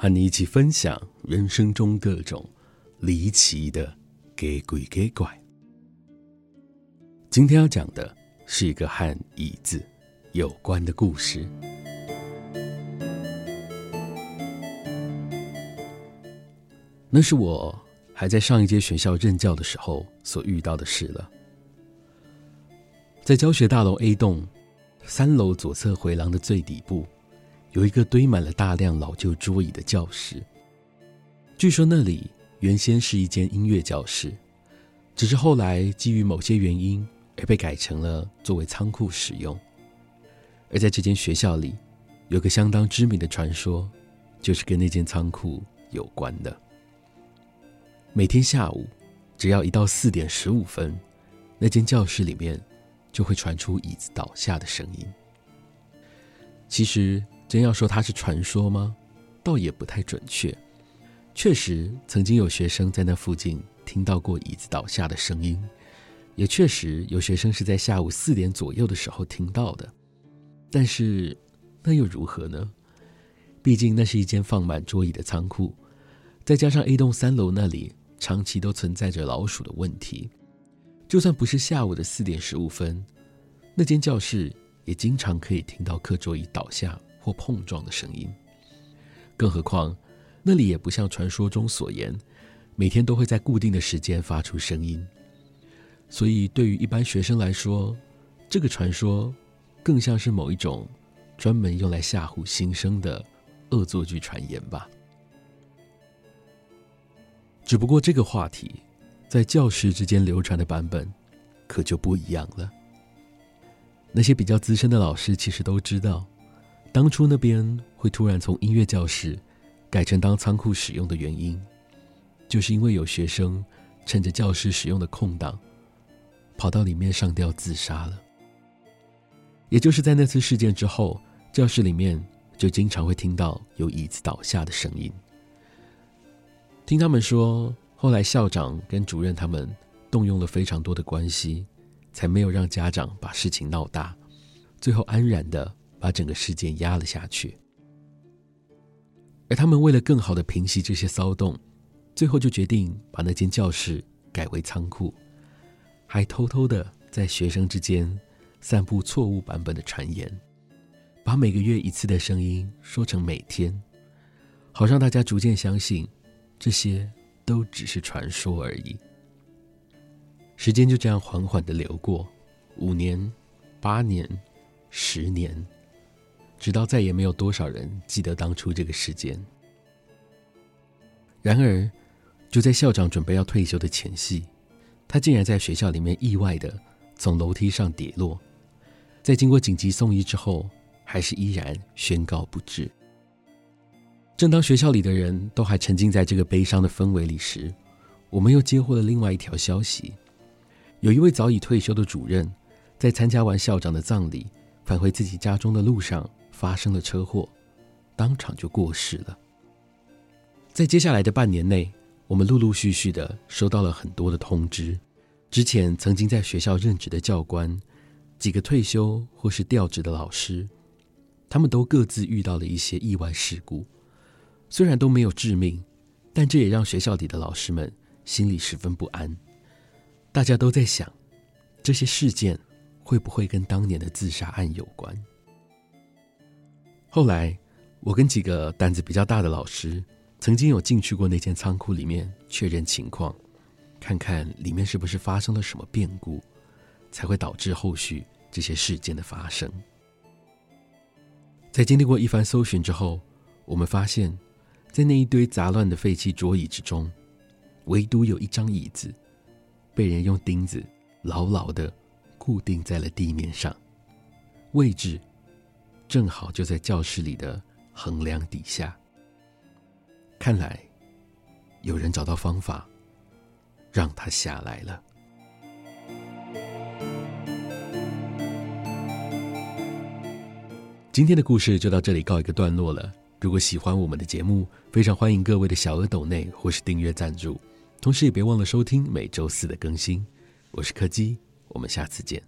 和你一起分享人生中各種離奇的講鬼講怪、怪。今天要講的是一個和椅子有關的故事。那是我還在上一屆學校任教的時候所遇到的事了。在教學大樓 A 棟三樓左側回廊的最底部，有一個堆滿了大量老舊桌椅的教室。據說那裡原先是一間音樂教室，只是後來基於某些原因而被改成了作為倉庫使用。而在這間學校裡，有個相當知名的傳說，就是跟那間倉庫有關的。每天下午，只要一到四點十五分，那間教室裡面就會傳出椅子倒下的聲音。其實，真要說它是傳說嗎？倒也不太準確。確實，曾經有學生在那附近聽到過椅子倒下的聲音，也確實有學生是在下午四點左右的時候聽到的。但是，那又如何呢？畢竟那是一間放滿桌椅的倉庫，再加上 A 棟三樓那裡長期都存在着老鼠的問題，就算不是下午的四點十五分，那間教室也經常可以聽到課桌椅倒下。或碰撞的聲音，更何況那裡也不像傳說中所言，每天都會在固定的時間發出聲音。所以，對於一般學生來說，這個傳說更像是某一種專門用來嚇唬新生的惡作劇傳言吧。只不過，這個話題在教師之間流傳的版本可就不一樣了。那些比較資深的老師其實都知道。當初那邊會突然從音樂教室改成當倉庫使用的原因，就是因為有學生趁着教室使用的空檔，跑到裡面上吊自殺了。也就是在那次事件之後，教室裡面就經常會聽到有椅子倒下的聲音。聽他們說，後來校長跟主任他們動用了非常多的關係，才沒有讓家長把事情鬧大，最後安然的。把整個事件壓了下去，而他們為了更好的平息這些騷動，最後就決定把那間教室改為倉庫，還偷偷的在學生之間散布錯誤版本的傳言，把每個月一次的聲音說成每天，好讓大家逐漸相信，這些都只是傳說而已。時間就這樣緩緩的流過，五年、八年、十年。直到再也沒有多少人記得當初這個事件。然而，就在校長準備要退休的前夕，他竟然在學校裡面意外的從樓梯上跌落，在經過緊急送醫之後，還是依然宣告不治。正當學校裡的人都還沉浸在這個悲傷的氛圍裡時，我們又接獲了另外一條消息，有一位早已退休的主任，在參加完校長的葬禮，返回自己家中的路上。發生了車禍，當場就過世了。在接下來的半年內，我們陸陸續續的收到了很多的通知。之前曾經在學校任職的教官，幾個退休或是調職的老師，他們都各自遇到了一些意外事故。雖然都沒有致命，但這也讓學校裡的老師們心裡十分不安。大家都在想，這些事件會不會跟當年的自殺案有關？後來，我跟幾個膽子比較大的老師，曾經有進去過那間倉庫裡面確認情況，看看裡面是不是發生了什麼變故，才會導致後續這些事件的發生。在經歷過一番搜尋之後，我們發現，在那一堆雜亂的廢棄桌椅之中，唯獨有一張椅子，被人用釘子牢牢的固定在了地面上。位置。正好就在教室裡的橫樑底下，看來有人找到方法，讓他下來了。今天的故事就到這裡告一個段落了。如果喜歡我們的節目，非常歡迎各位的小額抖內或是訂閱贊助，同時也別忘了收聽每週四的更新。我是柯基，我們下次見。